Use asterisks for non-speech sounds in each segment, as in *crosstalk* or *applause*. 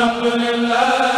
alhamdulillah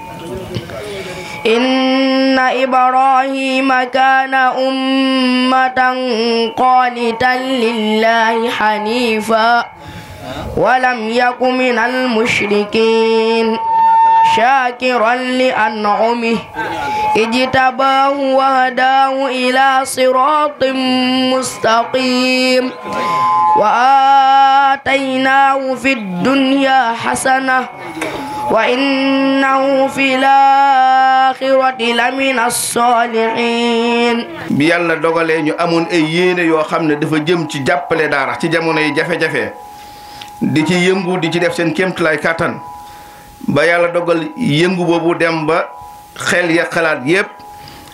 إن إبراهيم كان أمة قانتا لله حنيفا ولم يك من المشركين شاكرا لأنعمه اجتباه وهداه إلى صراط مستقيم وآتيناه في الدنيا حسنة وإنه في الآخرة لمن الصالحين bi yàlla dogalee ñu amoon ay yéene yoo xam ne dafa jëm ci jàppale daara ci jamono yi jafe-jafe di ci yëngu di ci def seen kéemtulaay kàttan ba yàlla dogal yëngu boobu dem ba xel ya xalaat yépp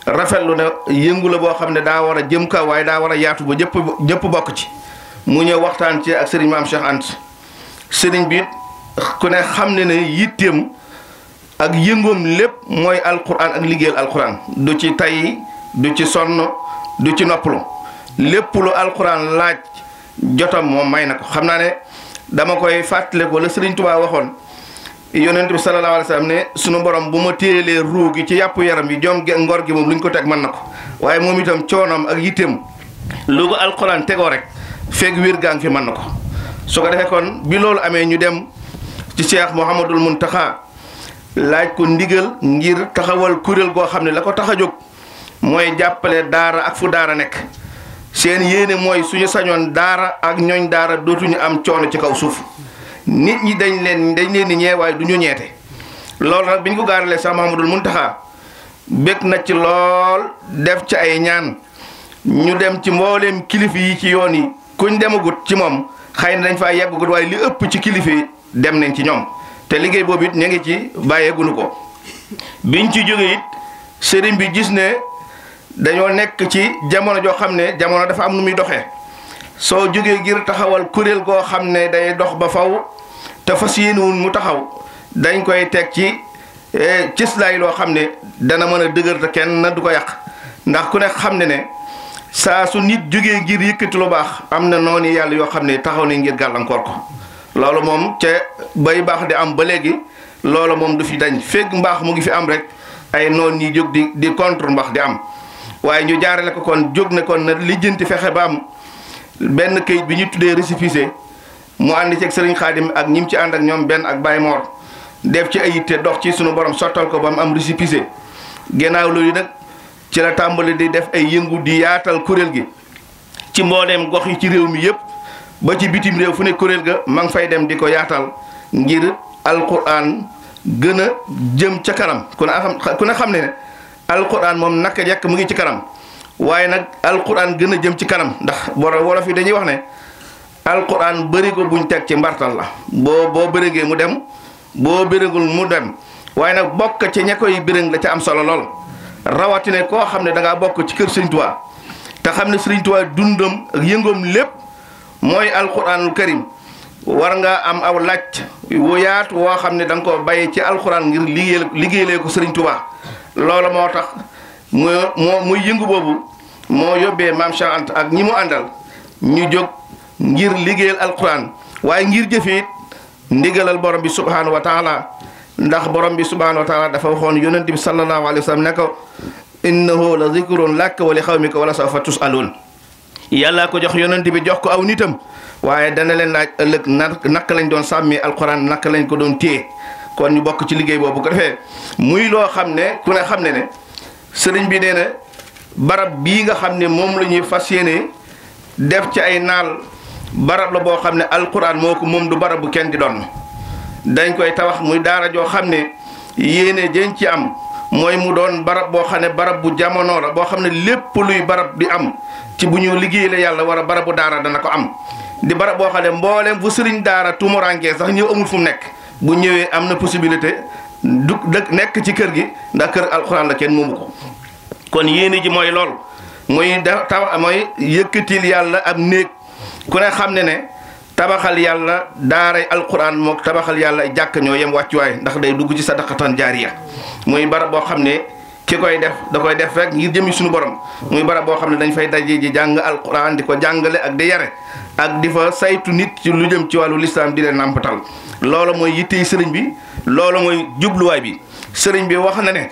rafetlu na yëngu la boo xam ne daa war a jëm kaw waaye daa war yaatu ba jëpp jëpp bokk ci mu ñëw waxtaan ci ak sëriñ maam Cheikh Anta sëriñ bi ku ne xam ne ne yitteem ak yëngoon lépp mooy alquran ak liggéeyal alquran du ci tay du ci sonn du ci noppalu lépp lu alquran laaj jotam moom may na ko xam naa ne dama koy fàttale ko la Sëriñ Tuubaa waxoon yonent bi sallallahu alayhi wa sallam ne sunu borom bu ma téelee ruu gi ci yàpp yaram yi jom ngor gi moom lu ñu ko teg mën na ko waaye moom itam coonoom ak yitteem lu ko alquran tegoo rek feeg wiir gaa fi mën na ko su ko defee kon bi loolu ci cheikh Mouhamadul Muntaxa laaj ko ndigal ngir taxawal kuréel goo xam ne la ko tax a jóg mooy jàppale daara ak fu daara nekk seen yéene mooy suñu sañoon daara ak ñooñ daara dootuñu am coono ci kaw suuf nit ñi dañ leen dañ leen di ñeewaay du ñu ñeete loolu nag biñ ñu ko gaaralee sax Mouhamadul Muntaxa bég na ci lool def ci ay ñaan ñu dem ci mbooleem kilifa yi ci yoon yi kuñ demagut ci moom xëy na dañ fa yeggagut waaye li ëpp ci kilifa yi dem nañ ci ñoom te liggéey boobu it ña ngi ci bàyyeegunu ko biñ ci jóge it sëriñ bi gis ne dañoo nekk ci jamono joo xam ne jamono dafa am nu muy doxee soo jógee ngir taxawal kuréel goo xam ne day dox ba faw te fas yéenewuñ mu taxaw dañ koy teg ci eh, cëslaay loo xam ne dana mën a dëgër kenn na du ko yàq ndax ku ne xam ne ne saa su nit jógee ngir yëkkati lu baax am na noonu yàlla yoo xam ne taxaw nañ ngir gàllankoor ko loolu moom ca bay baax di am ba léegi loolu moom du fi dañ fekk mbaax mu ngi fi am rek ay noon yi jóg di di contre mbaax di am waaye ñu jaarale ko kon jóg ne kon na lijjanti fexe ba am benn këyit bi ñu tuddee récépissé mu ànd ceeg sëriñ xaadim ak ñim ci ànd ak ñoom benn ak bay moor def ci ay yitte dox ci suñu borom sottal ko ba mu am récépissé gannaaw loolu nag ci la tàmbali di def ay yëngu di yaatal kuréel gi ci mbooleem gox yi ci réew mi yëpp ba ci bitim réew fu ne kuréel ga ma ngi fay dem di ko yaatal ngir alquran gën a jëm ca kanam ku ne xam ne xam ne ne moom naka jekk mu ngi ci kanam waaye nag alquran gën a jëm ci kanam ndax wolof yi dañuy wax ne alquran bëri ko buñ teg ci mbartal la boo boo bërëngee mu dem boo bërëngul mu dem waaye nag bokk ci ña koy bërëng la ca am solo lool rawatine koo xam ne da ngaa bokk ci kër Sëriñ te xam ne Sëriñ Tuubaa dundam ak yëngoom lépp. mooy alquranul karim war nga am aw laaj wu woo xam ne danga ko bàyyi ci alquran ngir liggéey liggéeyalee ko Sëriñ Tuubaa loola moo tax mu moo muy yëngu boobu moo yóbbee maam Cheikh Anta ak ñi mu àndal ñu jóg ngir liggéeyal alquran waaye ngir jëfit ndigalal borom bi subhaanahu wa taala ndax borom bi subhaanahu wa dafa waxoon yonent bi sallallahu alayhi wa sallam ne ko innahu la zikrun laka wa li xawmika wala sawfa tusalun yàllaa ko jox yonent bi jox ko aw nitam waaye dana leen laaj ëllëg nak lañ doon sàmmi alquran naka lañ ko doon téye kon ñu bokk ci liggéey boobu ko defee muy loo xam ne ku ne xam ne ne sëriñ bi nee na barab bii nga xam ne moom la ñuy fas yéene def ci ay naal barab la boo xam ne alquran moo ko moom du barab bu kenn di doon dañ koy tabax muy daara joo xam ne yéene jën ci am. mooy mu doon barab boo xam ne barab bu jamono la boo xam ne lépp luy barab di am ci bu ñu liggéey la yàlla war a barabu daara dana ko am di barab boo xam ne mbooleem bu sëriñ daara tumurankee sax ñëw amul fu mu nekk bu ñëwee am na possibilité du dëkk nekk ci kër gi ndax kër alxuraan la kenn moomu ko kon yéene ji mooy lool muy da tabax mooy yëkkatil yàlla ab néeg ku ne xam ne ne tabaxal yàlla daaray alxuraan mook tabaxal yàlla jàkk ñoo yem wàccuwaay ndax day dugg ci sadaqatan jaariya muy barab boo xam ne ki koy def da koy def rek ngir jëmi suñu borom muy barab boo xam ne dañ fay daje ji jàng alquran di ko jàngale ak di yare ak di fa saytu nit ci lu jëm ci wàllu lislaam di leen nàmpatal loolu mooy yittey sëriñ bi loolu mooy jubluwaay bi sëriñ bi wax na ne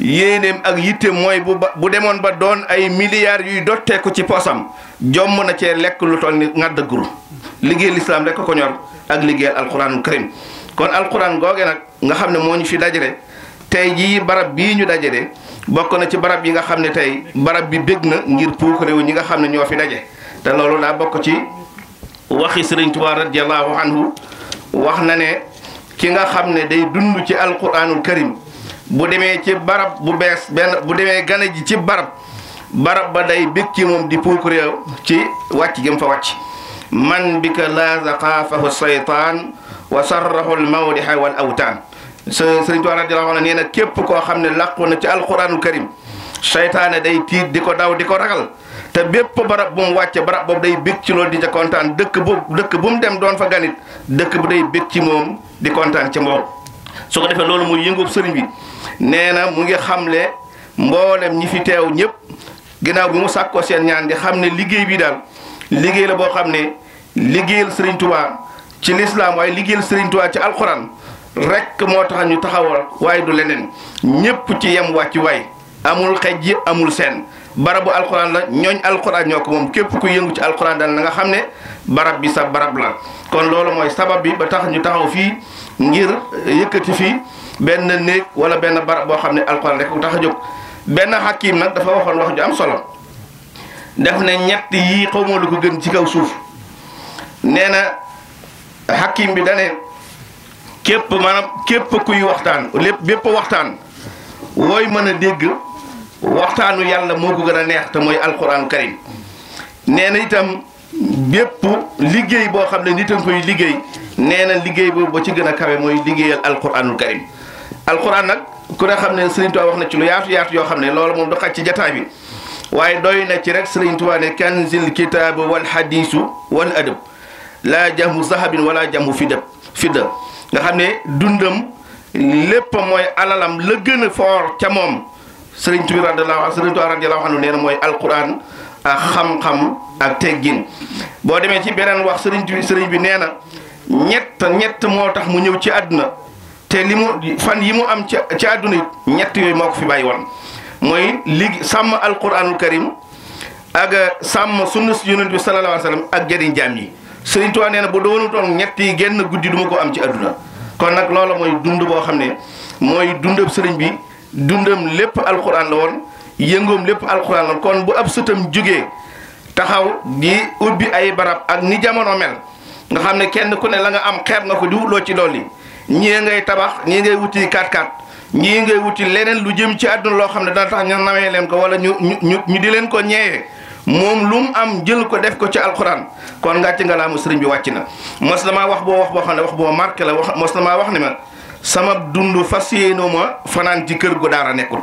yéeneem ak yitteem mooy bu ba bu demoon ba doon ay milliards yuy dotteeku ci poosam jomm na cee lekk lu toll ni nga dëgguru liggéey lislaam rek ko ñor ak liggéeyal alquranul karim kon alquran googe nag nga xam ne moo ñu fi dajale tey jii barab bii ñu daje de bokk na ci barab yi nga xam ne tey barab bi bég na ngir puukarewu ñi nga xam ne ñoo fi daje te loolu daa bokk ci waxi sëriñ Tuubaa radiyallahu wax na ne ki nga xam ne day dund ci alquranul karim bu demee ci barab bu bees benn bu demee gane ji ci barab barab ba day bég ci moom di puukareew ci wàcc gi fa wàcc man bi ka laa zaqaafahu saytaan wa sarrahu almawdiha wal awtaan sëriñ Tuubaa radiyallaahu anhu nee na képp koo xam ne làqu na ci alquranul karim seytaane day tiit di ko daw di ko ragal te bépp barab bu mu wàcce barab boobu day bég ci loolu di ca kontaan dëkk bu dëkk bu mu dem doon fa dëkk bu day bég ci moom di kontaan ci moom su ko defee loolu muy yëngub sëriñ bi nee na mu ngi xam xamle mboolem ñi fi teew ñëpp ginnaaw bi mu sàkkoo seen ñaan di xam ne liggéey bi daal liggéey la boo xam ne liggéeyal sëriñ Tuubaa ci lislaam waaye liggéeyal sëriñ Tuubaa ci alxuraan rekk moo tax ñu taxawal waaye du leneen ñépp ci yem wàcc waay amul xej yi amul seen barabu alxuraan la ñooñ alxuraan ñoo ko moom képp ku yëngu ci alxuraan daal na nga xam ne barab bi sa barab la kon loolu mooy sabab bi ba tax ñu taxaw fii ngir yëkkati fii benn néeg wala benn barab boo xam ne alxuraan rekk ko tax a jóg benn xakim nag dafa waxoon wax ju am solo def ne ñett yi xawma lu ko gën ci kaw suuf nee na xakim bi dane képp mana képp kuy waxtaan lépp bépp waxtaan wooy mën a dégg waxtaanu yàlla moo ko gën a neex te mooy alquran karim nee na itam bépp liggéey boo xam ne nit a koy liggéey nee na liggéey boobu ba ci gën a kawe mooy liggéeyal alquranul karim alquran nag ku ne xam ne Serigne Touba wax na ci lu yaatu yaatu yoo xam ne loolu moom du xaj ci jataay bi waaye doy na ci rek Serigne Touba ne kanzil kitaabu wal hadiisu wan adab laa jamu zahabin wala jamu fidda fidda nga xam ne dundam lépp mooy alalam la gën a ca moom sëriñ Tuubaa radiyallaahu anhu sëriñ mooy alquran ak xam-xam ak teggin boo demee ci beneen wax sëriñ bi sëriñ bi nee na ñett ñett moo tax mu ñëw ci àdduna te li mu fan yi mu am ci ci àdduna it ñett yooyu moo ko fi bàyyi woon mooy ligi sàmm alquranul karim ak sàmm sunna si yonent bi sallallaahu ak jëriñ yi sëriñ Tuubaa nee na bu doonutoon ñett genn guddi duma ko am ci àdduna kon nag loolu mooy dund boo xam ne mooy dundam sëriñ bi dundam lépp alxuraan la woon yëngoom lépp alxuraan woon kon bu ab sëtam jógee taxaw di ubbi ay barab ak ni jamono mel nga xam ne kenn ku ne la nga am xeeb nga ko di wutloo ci lool yi ñii ngay tabax ñii ngay wuti kaat kaat ñii ngay wuti leneen lu jëm ci àdduna loo xam ne dana tax ñu leen ko wala ñu ñu ñu di leen ko ñeewee moom lu am jël ko def ko ci alxuraan kon ngàcc nga laa mu sëriñ bi wàcc na mos la maa wax boo wax boo xam ne wax boo marqué la wax mos la maa wax ne ma sama dund fas yéenoo ma fanaan ci kër gu daara nekkul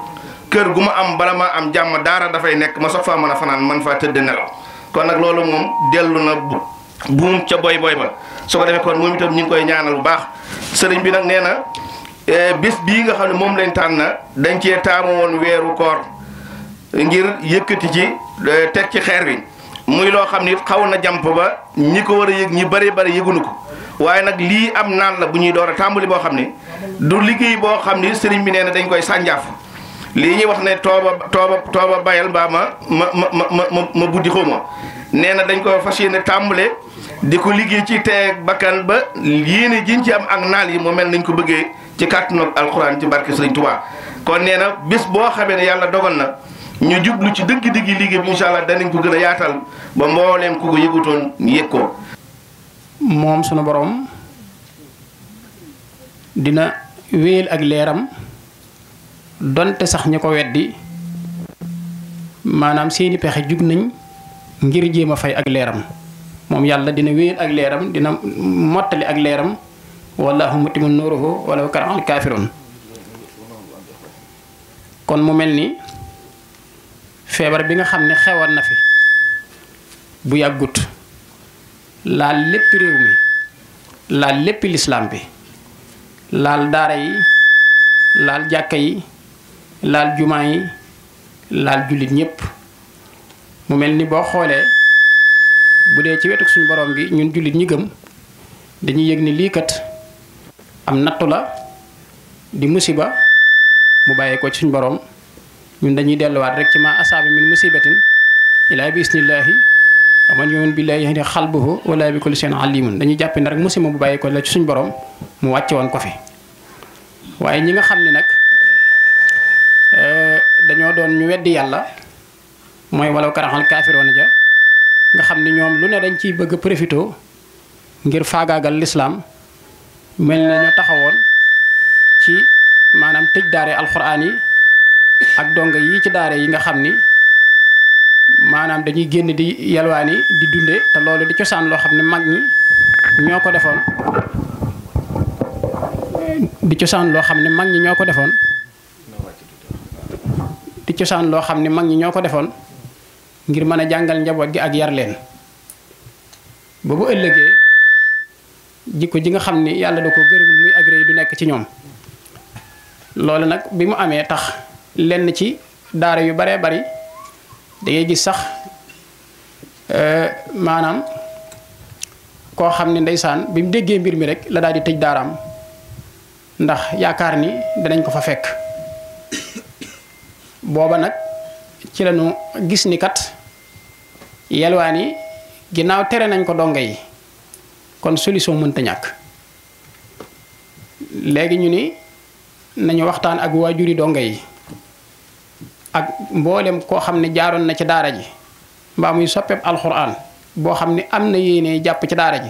kër gu ma am bala ma am jàmm daara dafay nekk ma soog faa mën a fanaan man faa tëdd nelaw kon nag loolu moom dellu na buum ca boy boy ba soo ko defee kon moom itam ñu ngi koy ñaanal bu baax sëriñ bi nag nee na eh, bis bii nga xam ne moom lañ tànn dañ cee taamu woon weeru koor ngir yëkkati ci eh, teg ci xeer bi muy loo xam ni xaw na jàmp ba ñi ko war a yëg ñi bari bari yëgunu ko waaye nag lii am naan la bu ñuy door a tàmbali boo xam ni du liggéey boo xam ni sëriñ bi nee na dañ koy sànjaaf lii ñuy wax ne tooba tooba bayal mbaa ma ma ma ma ma buddi xawma nee na dañ ko fas yéene tàmbale di ko liggéey ci te bakkan ba yéene jiñ ci am ak naal yi mu mel nañ ko bëggee ci kàttanu alxuraan ci barke sëriñ Tuubaa kon nee bis boo xamee ne yàlla dogal na ñu jublu ci dëgg-dëgg liggéey bi incha allah danañ ko gën a yaatal ba mbooleem ku ko yëgutoon yëg ko. moom sunu boroom dina wéyal ak leeram donte sax ñi ko weddi maanaam seeni pexe jug nañ ngir jéem a fay ak leeram moom yàlla dina wéyal ak leeram dina mottali ak leeram wallahu mutimu nuruhu walaw kara al kaafiroon kon mu mel ni feebar bi nga xam ne xewoon na fi bu yàggut laal lépp réew mi laal lépp lislaam bi laal daara yi laal jàkka yi laal jumaa yi laal jullit ñépp mu mel ni boo xoolee bu dee ci wetu suñ boroom bi ñun jullit ñi gëm dañuy yëg ni liikat am nattu la di musiba mu bàyyee ko ci boroom ñun dañuy delluwaat rek ci ma asaabi min musibatin ilaa bi isnillaahi wa man yu'min billaahi yahdi qalbahu wala bi kulli shay'in alimun dañuy jàpp ne rek musiba bu bàyyi ko la ci suñ borom mu wàcce woon ko fi waaye ñi nga xam ni nag eh, dañoo doon ñu weddi yàlla mooy walaw karaxal kaafiroona ja nga xam ne ñoom lu ne dañ ciy bëgg a profité ngir faagaagal lislaam mel na taxawoon ci maanaam tëj daare alxuraan ak donga yi ci daare yi nga xam ni maanaam dañuy génn di yalwaani di dunde te loolu di cosaan loo xam ne mag ñi ñoo ko defoon di cosaan loo xam ne mag ñi ñoo ko defoon di cosaan loo xam ne mag ñi ñoo ko defoon ngir mën a jàngal njaboot gi ak yar leen ba bu ëllëgee jikko ji nga xam ni yàlla da ko gërëm muy agréé du nekk ci ñoom loolu nag bi mu amee tax lenn ci daara yu baree bari dangay ngay gis sax euh, maanaam koo xam ne ndeysaan bi mu déggee mbir mi rek la daal di tëj daaraam ndax yaakaar ni danañ ko fa fekk booba nag ci lañu gis ni kat yelwaan yi ginnaaw tere nañ ko donga yi kon solution mënta ñàkk léegi ñu ni nañu waxtaan ak waajuri donga yi ak mboolem koo xam ne jaaroon na ci daara ji mbaa muy soppeeb alxuraan boo xam ne am na yéene jàpp ci daara ji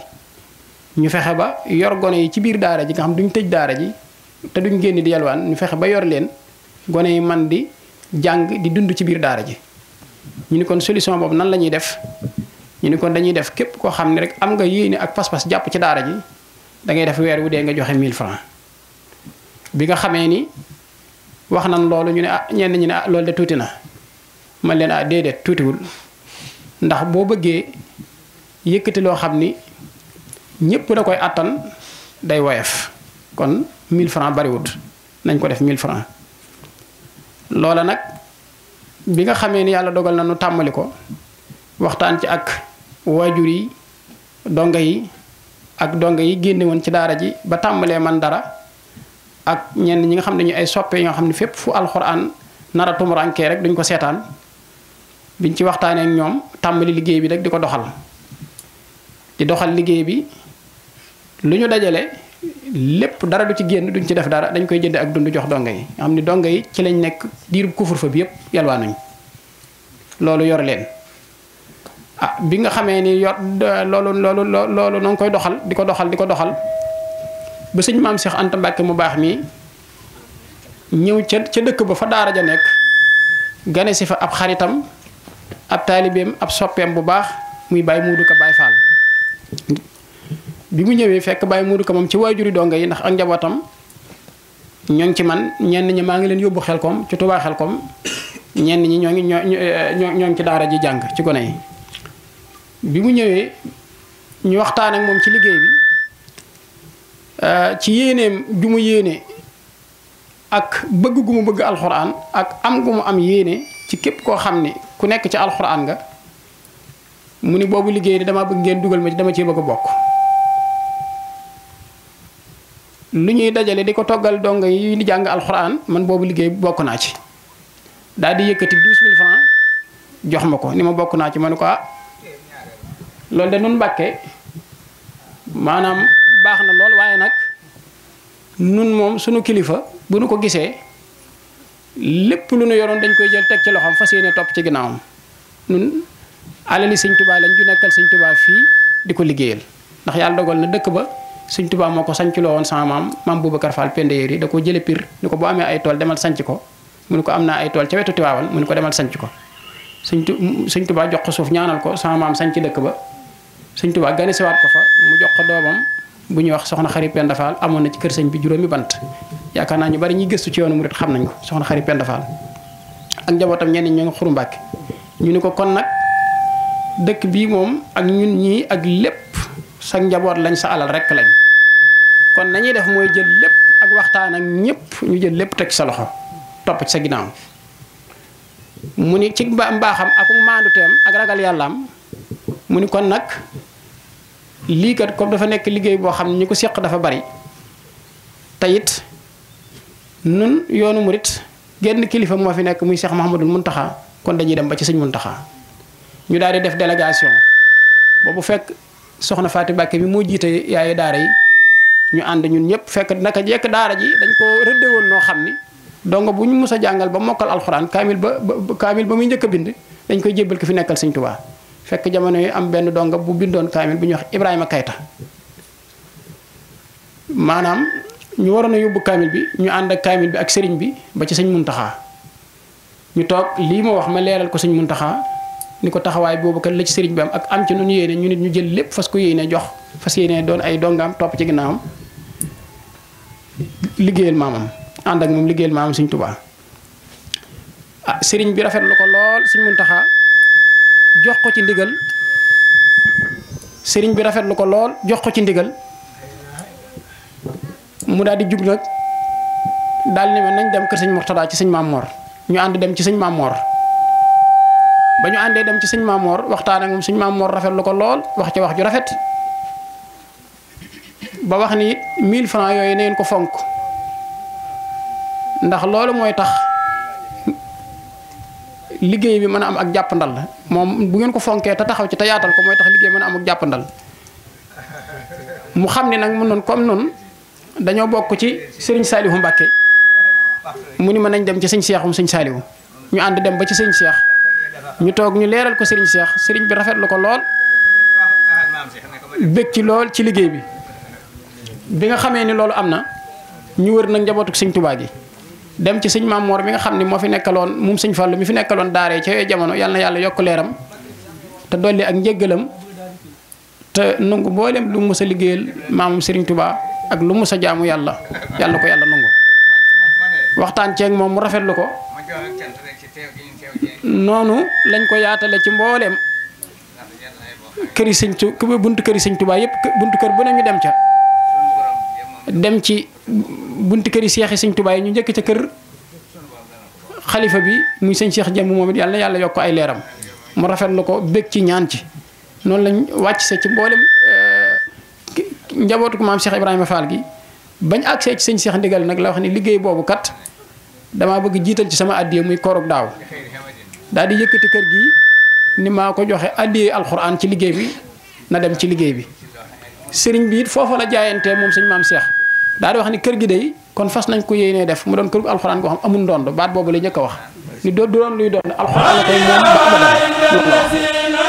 ñu fexe ba yor gone yi ci biir daara ji nga xam duñ tëj daara ji te duñ génn di yalwaan ñu fexe ba yor leen gone yi man di jàng di dund ci biir daara ji ñu ni kon solution boobu nan la ñuy def ñu ni kon dañuy def képp koo xam ne rek am nga yéene ak pas-pas jàpp ci daara ji da ngay def weer wu dee nga joxe 1000 francs bi nga xamee ni wax nan loolu ñu ne ah ñenn ñu ne ah loolu de tuuti na man leen ah déedéet tuutiwul ndax boo bëggee yëkkati loo xam ni ñëpp da koy àttan day woyof kon mil francs bariwut nañ ko def 1000 francs loola nag bi nga xamee ni yàlla dogal na nu tàmmali ko waxtaan ci ak waajur yi donga yi ak donga yi génne woon ci daara ji ba tàmbalee man dara ak ñenn ñi nga xam ne ñu ay soppe ñoo xam ne fépp fu alxuraan nar a tumurankee rek duñ ko seetaan biñ ci waxtaanee ñoom tàmbali liggéey bi rek di ko doxal di doxal liggéey bi lu ñu dajale lépp dara du ci génn duñ ci def dara dañ koy jënd ak dund jox donga yi nga xam ne donga yi ci lañ nekk diirub kufur fa bi yëpp yalwaanuñ loolu yor leen ah bi nga xamee ni yor loolu loolu loolu noo ngi koy doxal di ko doxal di ko doxal ba sëñ maam Cheikh Anta mu baax mii ñëw ca ca dëkk ba fa daara ja nekk gane si fa ab xaritam ab taalibeem ab soppeem bu baax muy Baye Modou Ka Baye Fall bi mu ñëwee fekk Baye Modou Ka moom ci waajuri donga yi ndax ak njabootam ñoo ngi ci man ñenn ñi maa ngi leen yóbbu xel koom ci tubaaxel xelkom ñenn ñi ñoo ngi ñoo ñoo ngi ci daara ji jàng ci gone yi bi mu ñëwee ñu waxtaan ak moom ci liggéey bi Euh, ci yéeneem ju mu yéene ak bëgg gu mu bëgg alxuraan ak am gu mu am yéene ci képp koo xam ni ku nekk ci alxuraan nga mu ni boobu liggéey de dama bëgg ngeen dugal ma ci dama ci bëgg bokk lu ñuy dajale di ko toggal dongo yi di jàng alxuraan man boobu liggéey bokk naa ci daal di yëkkati douze mille jox ma ko ni ma bokk naa ci ma ne ko ah loolu de nun mbàkke maanaam baax na lool waaye nag nun moom suñu kilifa bu nu ko gisee lépp lu nu yoroon dañ koy jël teg ci loxoom fas yéene topp ci ginnaawam nun alali sëñ tubaa lañ ju nekkal sëñ tubaa fii di ko liggéeyal ndax yàlla dogal na dëkk ba sëñ tubaa moo ko sanc woon sama maam maam Boubacar Fall Pendeyeer yi da ko jële pir ko boo amee ay tool demal sanc ko mu ne ko naa ay tool ca wetu Tiwaawan mu ne ko demal sanc ko sëñ tu sëñ tubaa jox ko suuf ñaanal ko sama maam ci dëkk ba sëñ tubaa ganesiwaat ko fa mu jox ko doomam bu ñuy wax soxna xari Penda amoon na ci kër sëñ bi juróomi bant yaakaar naa ñu bari ñuy gëstu ci yoonu murit xam nañ ko soxna xari Penda Fall ak njabootam ñenn ñoo ngi Xuru Mbàkke ñu ni ko kon nag dëkk bii moom ak ñun ñii ak lépp sa njaboot lañ sa alal rek lañ kon nañuy def mooy jël lépp ak waxtaan ak ñëpp ñu jël lépp teg sa loxo topp ci sa ginnaaw mu ni ci mbaaxam ak maandu teem ak ragal yàllaam mu ni kon nag lii kat comme dafa nekk liggéey boo xam ne ñu ko seq dafa bari te it nun yoonu murit genn kilifa moo fi nekk muy Cheikh Mouhamadul Mountakha kon dañuy dem ba ci sëñ taxa ñu daal di def délégation bu fekk soxna Faati Mbàkke bi moo jiite yaayu daara yi ñu ànd ñun ñëpp fekk naka jekk daara ji dañ ko rëdde woon noo xam ni donga bu ñu mus a jàngal ba mokkal alxuraan kaamil ba kaamil ba muy njëkk a bind dañ koy jébbal ki fi nekkal sëñ Tuubaa fekk jamono yi am benn donga bu bindoon kaamil bu ñuy wax Ibrahima Kayta maanaam ñu waroon a yóbbu kaamil bi ñu ànd ak kaamil bi ak sëriñ bi ba ci sëñ Muntaxa ñu toog lii ma wax ma leeral ko sëñ Muntaxa ni ko taxawaay boobu kat la ci sëriñ bi am ak am ci nu ñu yéene ñu nit ñu jël lépp fas ko yéene jox fas yéene doon ay dongaam topp ci ginnaawam liggéeyal maamam ànd ak moom liggéeyal maamam sëñ Tuubaa ah, sëriñ bi rafet na ko lool sëñ Muntaxa jox ko ci ndigal sëriñ bi rafet rafetlu ko lool jox ko ci ndigal mu daal di jub nag daal ne ma nañ dem kër sëñ Mourtada ci sëñ Maam ñu ànd dem ci sëñ Maam Mor àndee dem ci sëñ Maam waxtaan ak moom sëñ Maam rafet rafetlu ko lool wax ca wax ju rafet ba wax ni 1000 francs yooyu na ngeen ko fonk ndax loolu mooy tax. liggéey bi mën a am ak jàppandal la moom bu ngeen ko fonkee te taxaw ci te yaatal ko mooy tax liggéey mën a am ak jàppandal mu xam ne nag mu noonu comme noonu dañoo bokk ci sëriñ Saalihu Mbàkke mu ni ma nañ dem ci sëñ Seexum sëñ Saalihu ñu ànd dem ba ci sëñ Seex ñu toog ñu leeral ko sëriñ Seex sëriñ bi rafet rafetlu ko lool bëgg ci lool ci liggéey bi bi nga xamee ni loolu am na ñu wër nag njabootu sëñ Tuubaa gi dem ci sëñ Maam bi nga xam ne moo fi nekkaloon moom sëñ Fallu mu fi nekkaloon daaree ca yooyu jamono yàlla yàlla yokk leeram te dolli ak njéggalam te nangu mboolem lu mu mës liggéeyal maamam Serigne Touba ak lu mu mës jaamu yàlla yàlla ko yàlla nangu waxtaan ceeg moom mu rafet lu ko noonu lañ ko yaatale ci mbooleem këri sëñ Touba buntu këri sëñ Touba yëpp buntu kër bu ne ñu dem ca. dem ci bunti kër yi seexi sëñ Tuubaa yi ñu njëkk ca kër xalifa bi muy sëñ Cheikh Jëmb moom it yàlla yàlla yokk ay leeram mu rafet la ko bég ci ñaan ci noonu lañ wàcc sa ci mboolem eh, njabootu ko maam Cheikh Ibrahima Fall gi bañ agsee ci sëñ Cheikh ndigal nag la wax ni liggéey boobu kat damaa bëgg jiital ci sama addiya muy koorug daaw daal di yëkkati kër gi ni maa ko joxe addiya alxuraan ci liggéey bi na dem ci liggéey bi sëriñ bi it foofa la jaayantee moom sëñ maam Cheikh daal di wax ni kër gi day kon fas nañ ko yéenee def mu doon kër gu alxuraan goo xam amul ndondo baat boobu la njëkk a wax ni doo doon luy doon alxuraan la koy moom ba abadan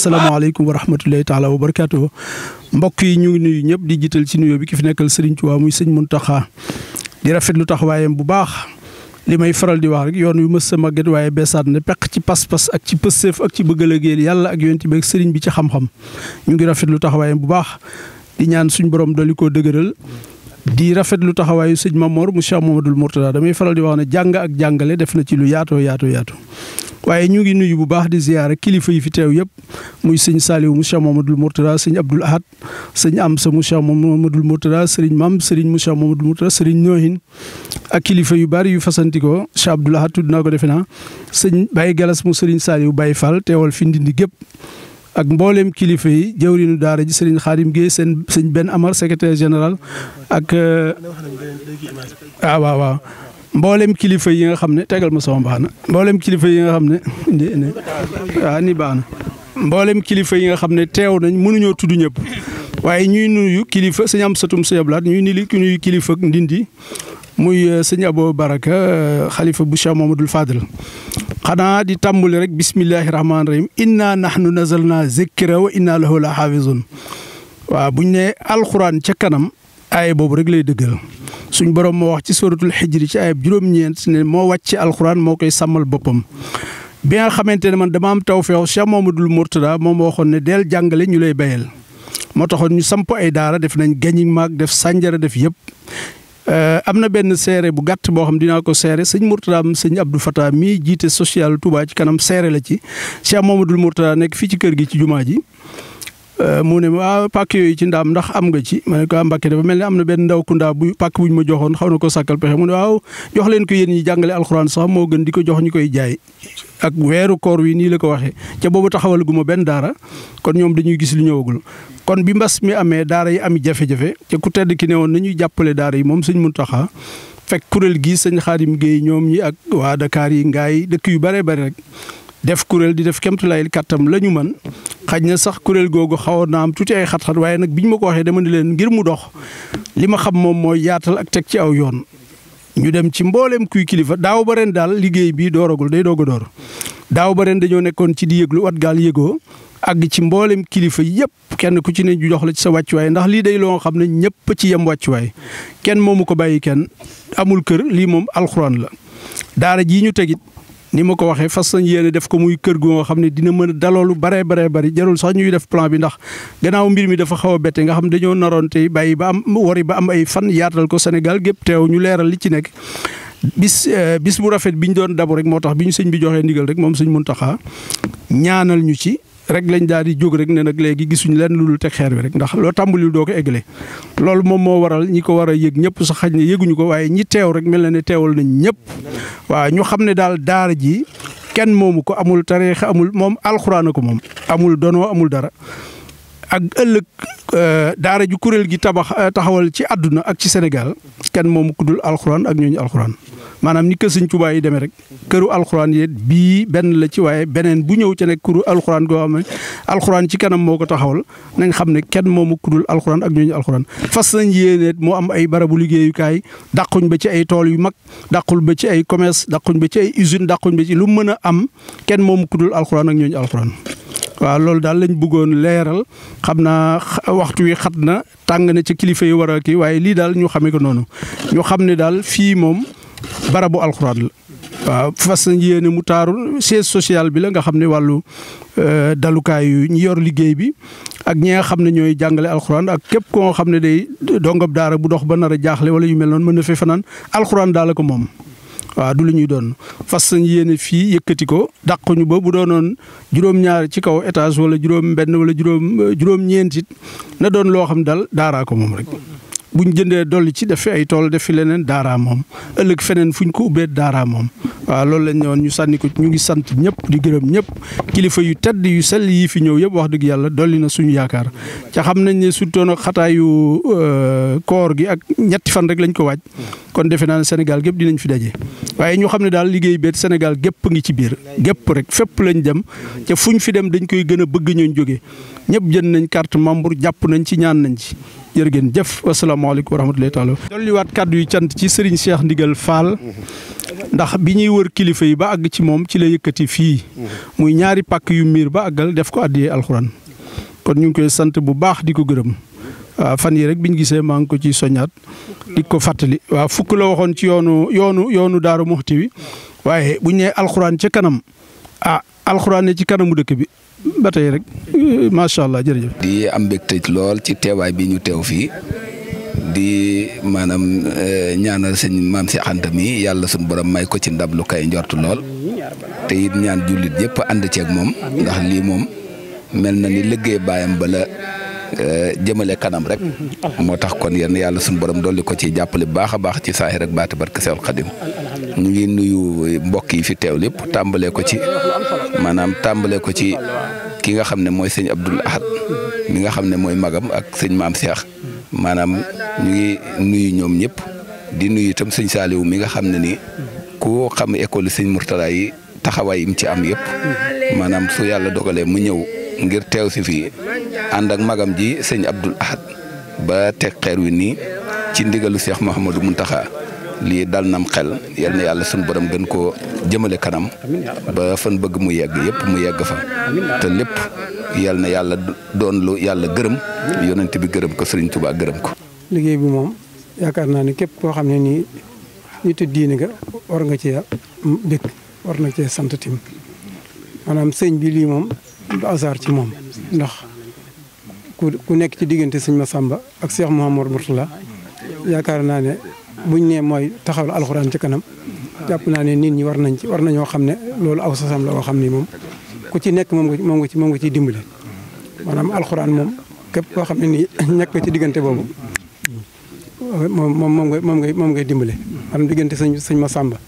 asalaamaaleykum wa rahmatullahi taala wa barakaatuhu mbokk yi ñu ngi nuyu ñëpp di jiital ci nuyoo bi ki fi nekkal Serigne Touba muy sëñ Mountakha di rafetlu taxawaayam bu baax li may faral di wax rek yoon wi mës sa màgget waaye na peq ci pas-pas ak ci pësteef ak bëgg a liggéeyal ak yonent bi ak bi ci xam-xam ñu ngi rafetlu taxawaayam bu baax di ñaan suñu borom doli koo dëgëral. di rafet lu taxawaayu sëñ Mamor mu Cheikh Mamadou Mourtada damay faral di wax ne jàng ak jàngale def na ci lu yaatoo yaatoo yaatu waaye ñu ngi nuyu bu baax di ziyaara kilifa yi fi teew yëpp muy sëñ Saliou mu Cheikh Mamadou Mourtada sëñ Abdoul Ahad sëñ Amsa mu Cheikh Mamadou Mourtada sëriñ maam sëriñ mu Cheikh Mamadou Mourtada sëriñ Ñoohin ak kilifa yu bari yu fasantikoo Cheikh Abdoul Ahad tudd naa ko defe naa sëñ Baye Galas mu sëriñ Saliou Baye Fall teewal fi ndindi gépp ak mbooleem kilifa yi jëwriñu daara ji sëriñ Xaadim Guèye seen sëñ Ben Amar secrétaire général ak ah, waaw mbooleem kilifa yi nga xam ne tegal ma sama mbooleem kilifa yi nga xam ne mboolem kilifa yi nga xam ne teew nañ mënuñoo tudd ñëpp waaye ñuy nuyu kilifa sëñ am satum sëñ ablaat ñuy nili ki kilifa ndindi muy euh, sëñ baraka euh, xalifa bu cheikh mamadul fadl xanaa di tàmbali rek bismillahi rahmaani rahim inna nahnu nazalna zikra wa inna lahu la xaafizun waaw buñ alxuraan ca kanam aaya boobu rek lay dëggal suñu borom moo wax ci suratul xijri ci aaya juróom-ñeent ne moo wàcc ci alxuraan moo koy sàmmal boppam. bi nga xamante ne man dama am tawféew Cheikh Mamadou Mourtada moom waxoon ne deel jàngale ñu lay bayal moo taxoon ñu samp ay def nañ gañin maag def sànjara def yëpp. Euh, am na benn seere bu gàtt boo xam dinaa ko seere sëñ Mourtada sëñ Abdou Fatah mii jiite social tubaa ci kanam seere la ci Cheikh dul Mourtada nekk fii ci kër gi ci jumaa ji. Euh, mu ne ma ah, pàkk yooyu ci ndaam ndax am nga ci ma ne ko ah Mbàkke dafa mel ni am na benn ndaw kunda bu pàkk buñ ma joxoon xaw na ko sàkkal pexe mu ne waaw jox leen ko yéen ñi jàngale alxuraan sax moo gën di ko jox ñu koy jaay ak weeru koor wi nii la ko waxee ca boobu taxawal gu ma benn daara kon ñoom dañuy gis lu ñëwagul kon bi mbas mi amee daara yi am jafe-jafe ca ku tedd ki ne woon ñuy jàppale daara yi moom sëñ Muntaxa fekk kuréel gii sëñ Xaadim Géey ñoom ñi ak waa Dakar yi ngaay dëkk yu bare bare rek def kuréel di def kemtulaay kattam la ñu mën xaj na sax kuréel googu xawoon naa am tuuti ay xat-xat waaye nag bi ñu ma ko waxee dama ne leen ngir mu dox li ma xam moom mooy yaatal ak teg ci aw yoon. ñu dem ci mbooleem kuy kilifa daaw ba ren daal liggéey bi dooragul day doog door daaw ba ren dañoo nekkoon ci di yëglu wat gaal yëgoo àgg ci mbooleem kilifa yëpp kenn ku ci ne jox la ci sa wàccuwaay ndax lii day loo xam ne ñëpp ci yem wàccuwaay kenn moomu ko bàyyi kenn amul kër lii moom alxuraan la daara jii ñu tegit ni ma ko waxee fas nañ yéene def ko muy kër gu nga xam ne dina mën a daloolu baree baree bari jarul sax ñuy def plan bi ndax gannaaw mbir mi dafa xaw a bette nga xam dañoo naroon tey bàyyi ba am wari ba am ay fan yaatal ko Sénégal gépp teew ñu leeral li ci nekk bis euh, bis bu rafet bi ñu doon dabu rek moo tax bi ñu sëñ bi joxee ndigal rek moom sëñ Muntaxa ñaanal ñu ci rek lañ daal di jóg rek ne nag léegi gisuñ leen lu dul te xeer bi rek ndax loo tàmbaliwul doo ko eggalee loolu moom moo waral ñi ko war a yëg ñëpp sa xaj na yëguñu ko waaye ñi teew rek mel na ne teewal nañ ñëpp waaw ñu xam ne daal daara ji kenn moomu ko amul tariixa amul moom alxuraan ko moom amul donoo amul dara ak ëllëg euh, daara ju kuréel gi tabax euh, taxawal ci àdduna ak ci Sénégal kenn moomu kuddul alxuraan ak ñooñu alxuraan maanaam ni kër Sëñ Tuubaa yi demee rek këru alxuraan yi bii benn la ci waaye beneen bu ñëw ci nekk këru alxuraan goo xam ne alxuraan ci kanam moo ko taxawal nañ xam ne kenn moomu kuddul alxuraan ak ñooñu alxuraan fas nañ yéene moo am ay barabu liggéeyukaay dàquñ ba ci ay tool yu mag dàqul ba ci ay commerce dàquñ ba ci ay usine dàquñ ba ci lu mën a am kenn moomu kuddul alxuraan ak ñooñu alxuraan waaw loolu daal lañ bëggoon leeral xam naa waxtu wi xat na tàng na ci kilifa yi war ki waaye lii daal ñu xamee ko noonu ñu xam ne daal fii moom barabu alxuraan la. waaw fas yéene mu taaru siège social bi la nga xam ne wàllu euh, dalukaay yu ñi yor liggéey bi ak ñi xam ne ñooy jàngale alxuraan ak képp koo xam ne day dongab daara bu dox ba nar a jaaxle wala yu mel noonu mën na fee fanaan alxuraan daal la ko moom. waaw du lu ñuy doon fas sañ yéene fii yëkkati ko dàq ñu ba bu doonoon juróom-ñaar ci kaw étage wala juróom mbenn wala juróom juróom na doon loo xam dal daaraa ko moom rek. bu buñ jëndee dolli ci def fi ay tool def fi leneen daara moom ëllëg feneen fuñ ko ubbee daara moom waaw loolu lañ ñëwoon ñu sànni ko ñu ngi sant ñëpp di gërëm ñëpp kilifa yu tedd yu sell yi fi ñëw yëpp wax dëgg yàlla dolli na suñu yaakaar ca xam nañ ne surtout nag xataayu euh, koor gi ak ñetti fan rek lañ ko waaj kon defe naa ne Sénégal gépp dinañ fi daje waaye ñu xam ne daal liggéey beet Sénégal gépp ngi ci biir gépp rek fépp lañ dem ca fuñ fi dem dañ koy gën a bëgg ñooñ jóge ñëpp jënd nañ carte membre jàpp nañ ci ñaan nañ ci jërë ngeen jëf wasalaamaaleykum wa rahmatulahi taala dolliwaat kàddu yu cant ci Serigne Cheikh Ndigal Fall ndax bi ñuy wër kilifa yi ba àgg ci moom ci la yëkkati fii muy ñaari pàkk yu miir ba àggal def ko addiyee alxuraan kon ñu ngi koy sant bu baax di ko gërëm waaw fan yi rek bi ñu gisee maa ngi ko ci soñaat di ko fàttali waa fukk la waxoon ci yoonu yoonu yoonu Daaru Muxti wi waaye bu ñu nee alxuraan ca kanam ah alxuraane ci kanamu dëkk bi ba tey rek eh, macha allah jërëjëf. di am mbégte lool ci teewaay bi ñu teew fii di maanaam eh, ñaanal sëñ maam si xanta yàlla suñu borom may ko ci ndab lu kay njort lool te it ñaan jullit yëpp ànd ceeg moom ndax lii moom mel na ni liggéey baayam bala Euh, jëmale kanam rek mm-hmm. moo tax kon yéen yàlla suñu borom dolli ko ci jàppale bu baax a baax ci saahir ak baati barke Seexul Xadim mu ngi nuyu mbokk yi fi teew lépp tàmbalee ko ci maanaam tàmbalee ko ci ki nga xam ne mooy sëñ Abdul Ahad mi nga xam ne mooy magam ak sëñ maam Cheikh maanaam ñu ngi nuyu ñoom ñëpp di nuyu itam sëñ Saaliwu mi nga xam ne ni ku xam école sëñ Mourtada yi taxawaay yi mu ci am yëpp mm-hmm. maanaam su yàlla dogalee mu ñëw ngir teew si fii ànd ak magam ji sëñ Abdul Ahad ba teg xeer wi nii ci ndigalu Cheikh Mouhamadou Mountakha lii dal nam xel yal na yàlla sunu borom gën koo jëmale kanam ba fan bëgg mu yegg yépp mu yegg fa te lépp yal na yàlla doon lu yàlla gërëm yonent bi gërëm ko Serigne Touba gërëm ko. liggéey bi moom yaakaar naa ni képp koo xam ne nii nitu diine nga war nga cee dëkk war na cee sant tim maanaam sëñ bi lii moom du hasard ci moom ndax. ku nekk ci diggante sëñ Massamba ak Cheikh Mouhamadou Mourtala yaakaar naa ne buñ ne mooy taxawal alxuraan ci kanam jàpp naa ne nit ñi war nañ ci war nañoo xam ne loolu aw sasam la woo xam ni moom ku ci nekk moom nga moom ci moom nga ciy dimbale maanaam alxuraan moom képp koo xam ne nii nekk *laughs* ci diggante boobu moom moom moom nga moom moom ngay dimbale maanaam diggante sëñ sëñ Massamba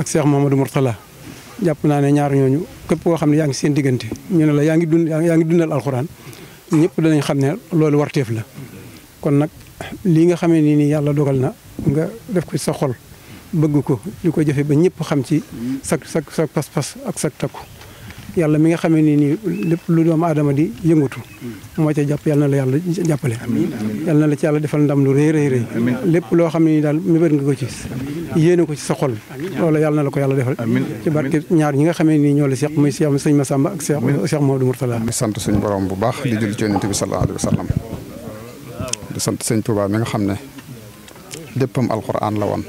ak Cheikh Mouhamadou Mourtala jàpp naa ne ñaar ñooñu képp koo xam ne yaa ngi seen diggante ñu ne la yaa ngi dund yaa ngi dundal alxuraan ñëpp danañ xam ne loolu warteef la kon nag lii nga xamee nii nii yàlla dogal na nga def ko sa xol bëgg ko di ko jëfe ba ñëpp xam ci sak sak sa pas-pas ak sak takku yàlla mi nga xamee nii nii lépp lu doomu aadama di yëngatu moo ca jàpp yàlla na la yàlla jàppale yàlla na la ci yàlla defal ndam lu rëy rëy rëy lépp loo xam ne ni daal mébét nga ko ci yéene ko ci sa xol loolu yàlla na la ko yàlla defal ci barke ñaar ñi nga xamee nii ñoo la seq muy Cheikh sëñ Massamba ak Cheikh Cheikh Mamadou sant suñu borom bu baax di julli ci yonent sa sallallahu alayhi wa sallam di sant sëñ Touba mi nga xam ne léppam alxuraan la woon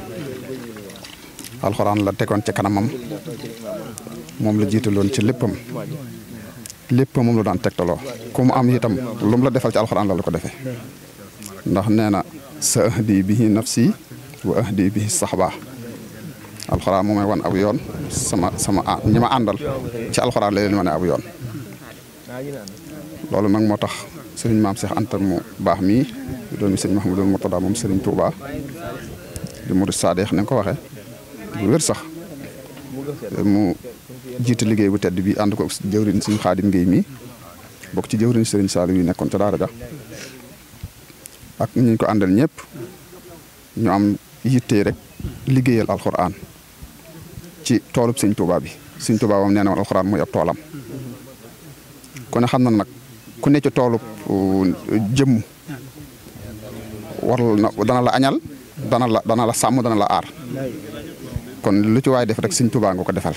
alxuraan la tegoon ci kanamam moom la jiitaloon ci léppam léppam moom la daan tegtaloo ku mu am itam lu mu la defal ci alxuraan la la ko defee ndax nee sa ahdi bihi nafsi wa ahdi bi saxbaa alxuraan moo may wan ab yoon sama sama ah, ñi ma àndal ci alxuraan la wane ab yoon loolu nag moo tax sëriñ maam Cheikh Anta mu baax mi doon sëriñ Mahamadou Murtada moom sëriñ Touba di murid saadeex ni ko waxe bu sax mu jiite liggéey bu tedd bi ànd ko jëwriñ sëriñ Xaadim Ngéy mii bokk ci jëwriñ sëriñ Saliou nekkoon ca daara ja ak ñu ko àndal ñépp ñu yittee rek liggéeyal alxuraan ci toolub sëñ Tuubaa bi sëñ Tuubaa moom nee alxuraan muy ab toolam kon xam na nag ku ne ci toolub uh, jëm war na dana la añal dana la dana la sàmm dana la aar kon lu ci waay def rek sëñ Tuubaa nga ko defal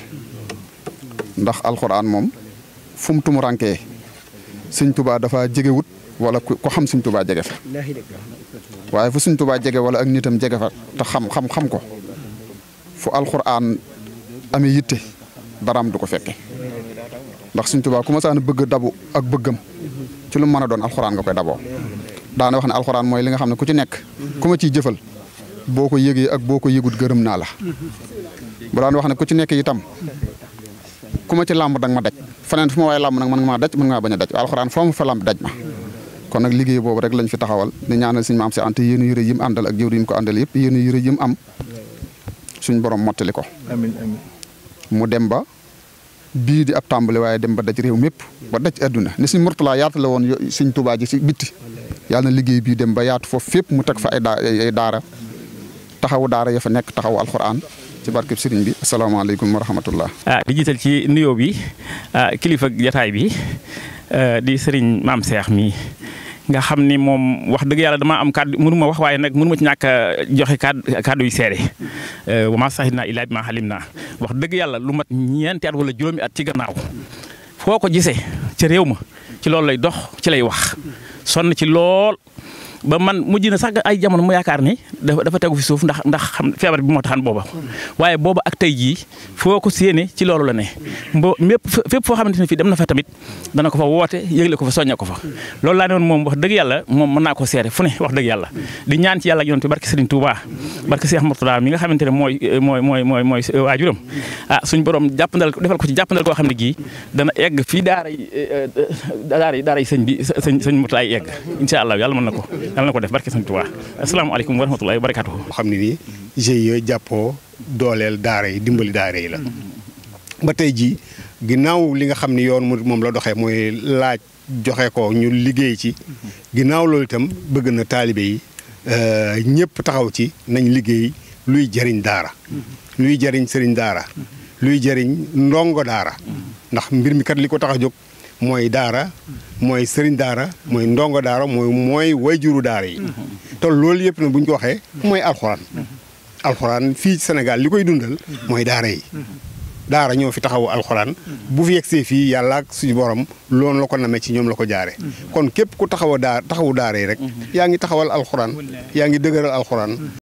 ndax alxuraan moom fum mu tumu rànkee sëñ Tuubaa dafa jegewut wala ku xam suñ tubaa jege fa waaye fu suñ tubaa jege wala ak nitam jege fa te xam xam xam ko fu alxuraan amee yitte daraam du ko fekke ndax suñ tubaa ku ma saan bëgg dabu ak bëggam ci lu man a doon alxuraan nga koy daboo daana wax ne alxuraan mooy li nga xam ne ku ci nekk ku ma ciy jëfal boo ko yëgee ak boo ko yëgut gërëm naa la bu daan wax ne ku ci nekk itam ku ma ci làmb danga ma daj faneen fu ma waaye làmb nag mën nga maa daj mën nga maa a daj alxuraan foo ma fa daj kon nag liggéey boobu rek lañ fi taxawal di ñaanal suñu maam si ante yéen yu rëy yi àndal ak jëwriñ yi mu ko àndal yëpp yéen yu rëy am suñ borom mottali ko. mu dem ba bii di ab tàmbali waaye dem ba daj réew mépp ba daj àdduna ni suñ Mourtala yaatu woon suñ Tuubaa ji si bitti yàlla na liggéey bii dem ba yaatu foofu fépp mu teg fa ay daa ay daara taxawu daara ya fa nekk taxawu alxuraan ci barkeb sëriñ bi asalaamaaleykum wa rahmatullah. ah di jiital ci nuyoo bi ah, kilifa jataay bi. Euh, di sëriñ maam seex mii nga xam ni moom wax dëgg yàlla dama am kàddu mënu wax waaye nag mënu ma ci ñàkk a joxe kàddu kàddu yu seere euh, wa maa sahid naa illaa maa xalim naa wax dëgg yàlla lu mat ñeenti at wala juróomi at ci gannaaw foo ko gisee ca réew ma ci loolu lay dox ci lay wax sonn ci lool ba man mujj na sax ay jamono mu yaakaar ni dafa dafa tegu fi suuf ndax ndax xam feebar bi moo taxan booba waaye booba ak tey jii foo ko séenee ci loolu la ne mbo mépp fépp foo xamante ne fii dem na fa tamit dana ko fa woote yëgle ko fa soñña ko fa loolu laa ne woon moom wax dëgg yàlla moom mën naa ko seere fu ne wax dëgg di ñaan ci yàlla ak yonent bi barke Serigne Touba barke Cheikh Mourtada nga xamante ne mooy mooy mooy mooy mooy waajuram ah suñ borom jàppandal defal ko ci jàppandal koo xam ne jii dana egg fii daaray eh, eh, eh, daaray daaray sëñ bi sëñ sëñ Mourtada ay egg incha allah yàlla mën na ko yàlla ko def barke Sëñ Tuubaa asalaamaaleykum wa rahmatullaahi wa barakaatuh xam ne nii GIE jàppoo dooleel daara yi dimbali daara yi la ba tey jii ginnaaw li nga xam ne yoon moom la doxee mooy laaj joxe ko ñu liggéey ci ginnaaw loolu itam bëgg na taalibe yi euh, ñëpp taxaw ci nañ liggéey luy jariñ daara luy jariñ sëriñ daara luy jëriñ ndongo daara ndax mbir mi kat li ko tax a jóg mooy daara mooy sëriñ daara mooy ndongo daara mooy mooy wayjuru daara yi te loolu yëpp na bu ñu ko waxee mooy alxuraan alxuraan fii senegal li koy dundal mooy daara yi daara ñoo fi taxawu alxuraan bu fi yegsee fii yàlla ak suñu borom loolu la ko namee ci ñoom la ko jaare kon képp ku taxaw daa taxawu daara yi rek yaa ngi taxawal alxuraan yaa ngi dëgëral alxuraan